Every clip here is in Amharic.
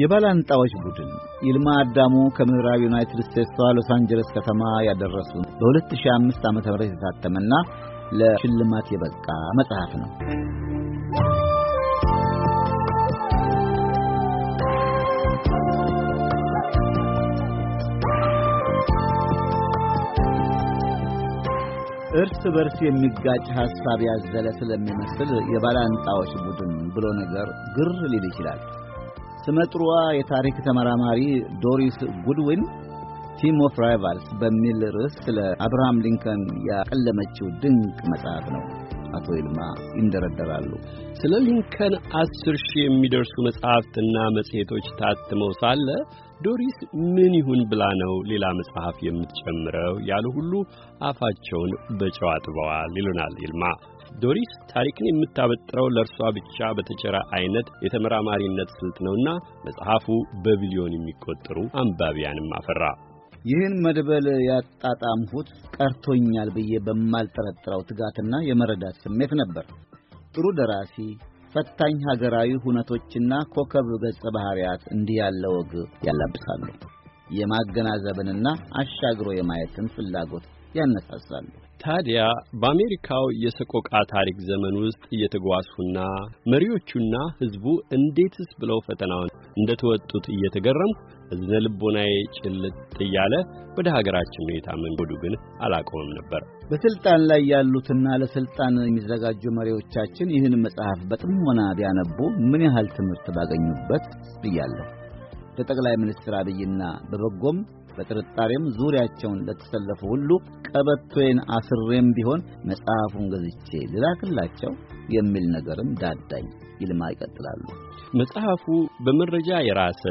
የባላንጣዎች ቡድን ይልማ አዳሙ ከምዕራብ ዩናይትድ ስቴትስ ሎስ አንጀለስ ከተማ ያደረሱን በ2005 ዓ.ም የታተመና ለሽልማት የበቃ መጽሐፍ ነው። እርስ በርስ የሚጋጭ ሐሳብ ያዘለ ስለሚመስል የባላንጣዎች ቡድን ብሎ ነገር ግር ሊል ይችላል። ስመጥሯ የታሪክ ተመራማሪ ዶሪስ ጉድዊን ቲም ኦፍ ራይቫልስ በሚል ርዕስ ስለ አብርሃም ሊንከን ያቀለመችው ድንቅ መጽሐፍ ነው። አቶ ይልማ ይንደረደራሉ። ስለ ሊንከን አስር ሺህ የሚደርሱ መጽሐፍትና መጽሔቶች ታትመው ሳለ ዶሪስ ምን ይሁን ብላ ነው ሌላ መጽሐፍ የምትጨምረው ያሉ ሁሉ አፋቸውን በጨው አጥበዋል ይሉናል ይልማ። ዶሪስ ታሪክን የምታበጥረው ለእርሷ ብቻ በተቸራ አይነት የተመራማሪነት ስልት ነውና መጽሐፉ በቢሊዮን የሚቆጠሩ አንባቢያንም አፈራ። ይህን መድበል ያጣጣምሁት ቀርቶኛል ብዬ በማልጠረጥረው ትጋትና የመረዳት ስሜት ነበር። ጥሩ ደራሲ ፈታኝ ሀገራዊ ሁነቶችና ኮከብ ገጸ ባህሪያት እንዲህ ያለ ወግ ያላብሳሉ። የማገናዘብንና አሻግሮ የማየትን ፍላጎት ያነሳሳሉ። ታዲያ በአሜሪካው የሰቆቃ ታሪክ ዘመን ውስጥ እየተጓዝሁና መሪዎቹና ሕዝቡ እንዴትስ ብለው ፈተናውን እንደተወጡት እየተገረምኩ እዝነ ልቦናዬ ጭልጥ እያለ ወደ ሀገራችን ሁኔታ መንገዱ ግን አላቆመም ነበር። በስልጣን ላይ ያሉትና ለስልጣን የሚዘጋጁ መሪዎቻችን ይህን መጽሐፍ በጥሞና ቢያነቡ ምን ያህል ትምህርት ባገኙበት ብያለሁ። ለጠቅላይ ሚኒስትር አብይና በበጎም በጥርጣሬም ዙሪያቸውን ለተሰለፉ ሁሉ ቀበቶዬን አስሬም ቢሆን መጽሐፉን ገዝቼ ልላክላቸው የሚል ነገርም ዳዳኝ። ይልማ ይቀጥላሉ። መጽሐፉ በመረጃ የራሰ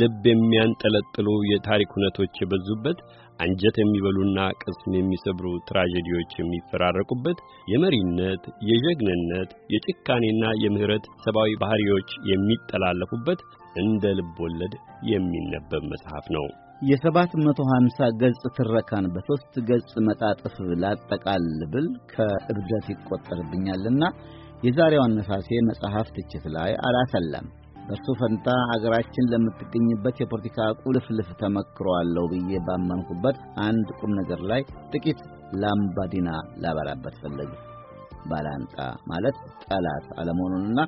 ልብ የሚያንጠለጥሉ የታሪክ ሁነቶች የበዙበት አንጀት የሚበሉና ቅስም የሚሰብሩ ትራጀዲዎች የሚፈራረቁበት የመሪነት፣ የጀግንነት፣ የጭካኔና የምህረት ሰብአዊ ባህሪዎች የሚጠላለፉበት እንደ ልብ ወለድ የሚነበብ መጽሐፍ ነው። መቶ ሀምሳ ገጽ ትረካን በሦስት ገጽ መጣጥፍ ላጠቃል ብል ከእብደት ይቆጠርብኛልና የዛሬው አነሳሴ መጽሐፍ ትችት ላይ አላሰለም በእርሱ ፈንታ አገራችን ለምትገኝበት የፖለቲካ ቁልፍልፍ ተመክሯለሁ ብዬ ባመንኩበት አንድ ቁም ነገር ላይ ጥቂት ላምባዲና ላበራበት ፈለግ። ባላንጣ ማለት ጠላት አለመሆኑንና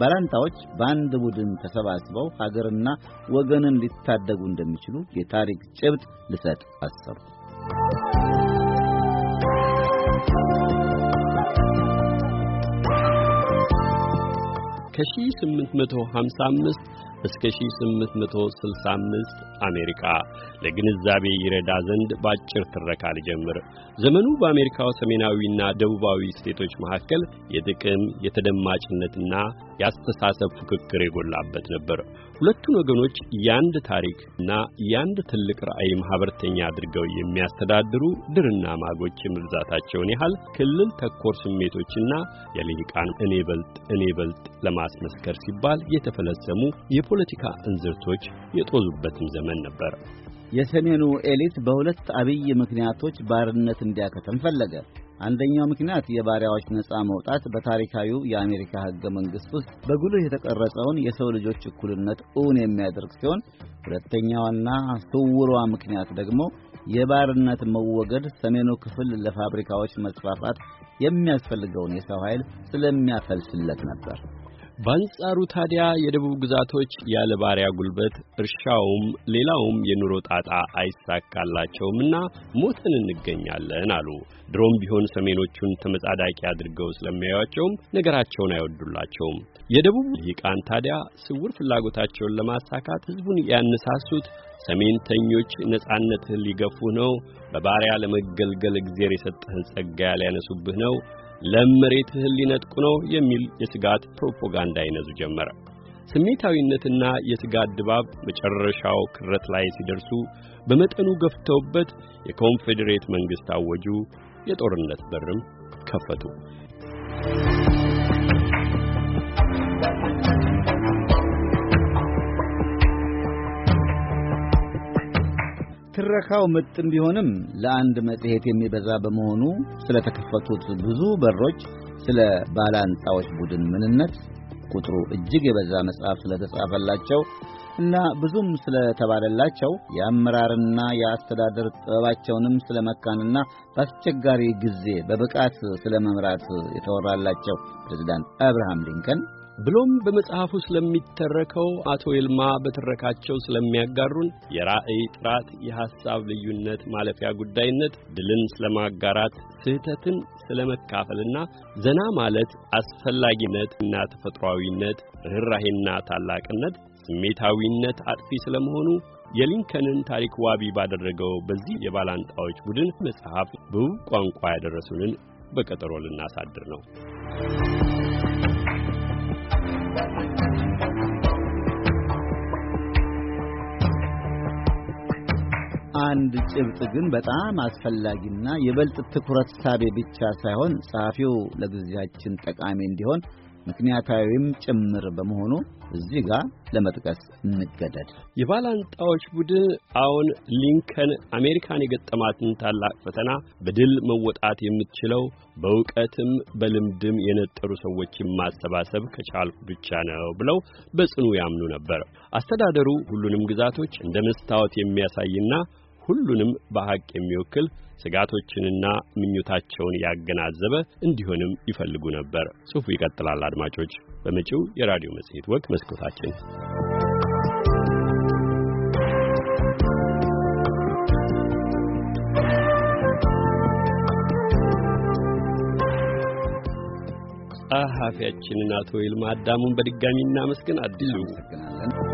ባላንጣዎች በአንድ ቡድን ተሰባስበው ሀገርና ወገንን ሊታደጉ እንደሚችሉ የታሪክ ጭብጥ ልሰጥ አሰሩ። ከ1855 እስከ 1865 አሜሪካ ለግንዛቤ ይረዳ ዘንድ ባጭር ትረካ ልጀምር። ዘመኑ በአሜሪካው ሰሜናዊና ደቡባዊ ስቴቶች መካከል የጥቅም የተደማጭነትና የአስተሳሰብ ፉክክር የጎላበት ነበር። ሁለቱን ወገኖች የአንድ ታሪክና የአንድ ትልቅ ራዕይ ማህበርተኛ አድርገው የሚያስተዳድሩ ድርና ማጎች የመብዛታቸውን ያህል ክልል ተኮር ስሜቶችና የልሂቃን እኔ በልጥ እኔ በልጥ ለማስመስከር ሲባል የተፈለሰሙ የፖለቲካ እንዝርቶች የጦዙበትም ዘመን ነበር። የሰሜኑ ኤሊት በሁለት አብይ ምክንያቶች ባርነት እንዲያከተም ፈለገ። አንደኛው ምክንያት የባሪያዎች ነፃ መውጣት በታሪካዊው የአሜሪካ ሕገ መንግሥት ውስጥ በጉልህ የተቀረጸውን የሰው ልጆች እኩልነት እውን የሚያደርግ ሲሆን፣ ሁለተኛዋና ስውሯ ምክንያት ደግሞ የባርነት መወገድ ሰሜኑ ክፍል ለፋብሪካዎች መስፋፋት የሚያስፈልገውን የሰው ኃይል ስለሚያፈልስለት ነበር። በአንጻሩ ታዲያ የደቡብ ግዛቶች ያለ ባሪያ ጉልበት እርሻውም ሌላውም የኑሮ ጣጣ አይሳካላቸውምና ሞተን እንገኛለን አሉ። ድሮም ቢሆን ሰሜኖቹን ተመጻዳቂ አድርገው ስለሚያዩአቸውም ነገራቸውን አይወዱላቸውም። የደቡብ ልሂቃን ታዲያ ስውር ፍላጎታቸውን ለማሳካት ህዝቡን ያነሳሱት ሰሜን ተኞች ነጻነትህን ሊገፉህ ነው፣ በባሪያ ለመገልገል እግዜር የሰጠህን ጸጋ ሊያነሱብህ ነው ለም እህል ሊነጥቁ ነው የሚል የስጋት ፕሮፓጋንዳ ይነዙ ጀመረ። ስሜታዊነትና የስጋት ድባብ መጨረሻው ክረት ላይ ሲደርሱ በመጠኑ ገፍተውበት የኮንፌዴሬት መንግሥት አወጁ፣ የጦርነት በርም ከፈቱ። የትረካው ምጥን ቢሆንም ለአንድ መጽሔት የሚበዛ በመሆኑ ስለተከፈቱት ብዙ በሮች፣ ስለ ባላንጣዎች ቡድን ምንነት፣ ቁጥሩ እጅግ የበዛ መጽሐፍ ተጻፈላቸው እና ብዙም ስለተባለላቸው የአመራርና የአስተዳደር ጥበባቸውንም ስለመካንና በአስቸጋሪ ጊዜ በብቃት ስለመምራት የተወራላቸው ፕሬዚዳንት አብርሃም ሊንከን ብሎም በመጽሐፉ ስለሚተረከው አቶ ይልማ በትረካቸው ስለሚያጋሩን የራዕይ ጥራት፣ የሐሳብ ልዩነት ማለፊያ ጉዳይነት፣ ድልን ስለማጋራት፣ ስህተትን ስለመካፈልና ዘና ማለት አስፈላጊነት እና ተፈጥሯዊነት፣ ርኅራሄና ታላቅነት፣ ስሜታዊነት አጥፊ ስለመሆኑ የሊንከንን ታሪክ ዋቢ ባደረገው በዚህ የባላንጣዎች ቡድን መጽሐፍ በውብ ቋንቋ ያደረሱንን በቀጠሮ ልናሳድር ነው። አንድ ጭብጥ ግን በጣም አስፈላጊና የበልጥ ትኩረት ሳቤ ብቻ ሳይሆን ጸሐፊው ለጊዜያችን ጠቃሚ እንዲሆን ምክንያታዊም ጭምር በመሆኑ እዚህ ጋር ለመጥቀስ እንገደድ። የባላንጣዎች ቡድን አሁን ሊንከን አሜሪካን የገጠማትን ታላቅ ፈተና በድል መወጣት የምትችለው በእውቀትም በልምድም የነጠሩ ሰዎችን ማሰባሰብ ከቻልኩ ብቻ ነው ብለው በጽኑ ያምኑ ነበር። አስተዳደሩ ሁሉንም ግዛቶች እንደ መስታወት የሚያሳይና ሁሉንም በሐቅ የሚወክል ስጋቶችንና ምኞታቸውን ያገናዘበ እንዲሆንም ይፈልጉ ነበር። ጽሑፉ ይቀጥላል። አድማጮች፣ በመጪው የራዲዮ መጽሔት ወቅት መስኮታችን ጸሐፊያችንን አቶ ይልማ አዳሙን በድጋሚ እናመስግን። አዲሱ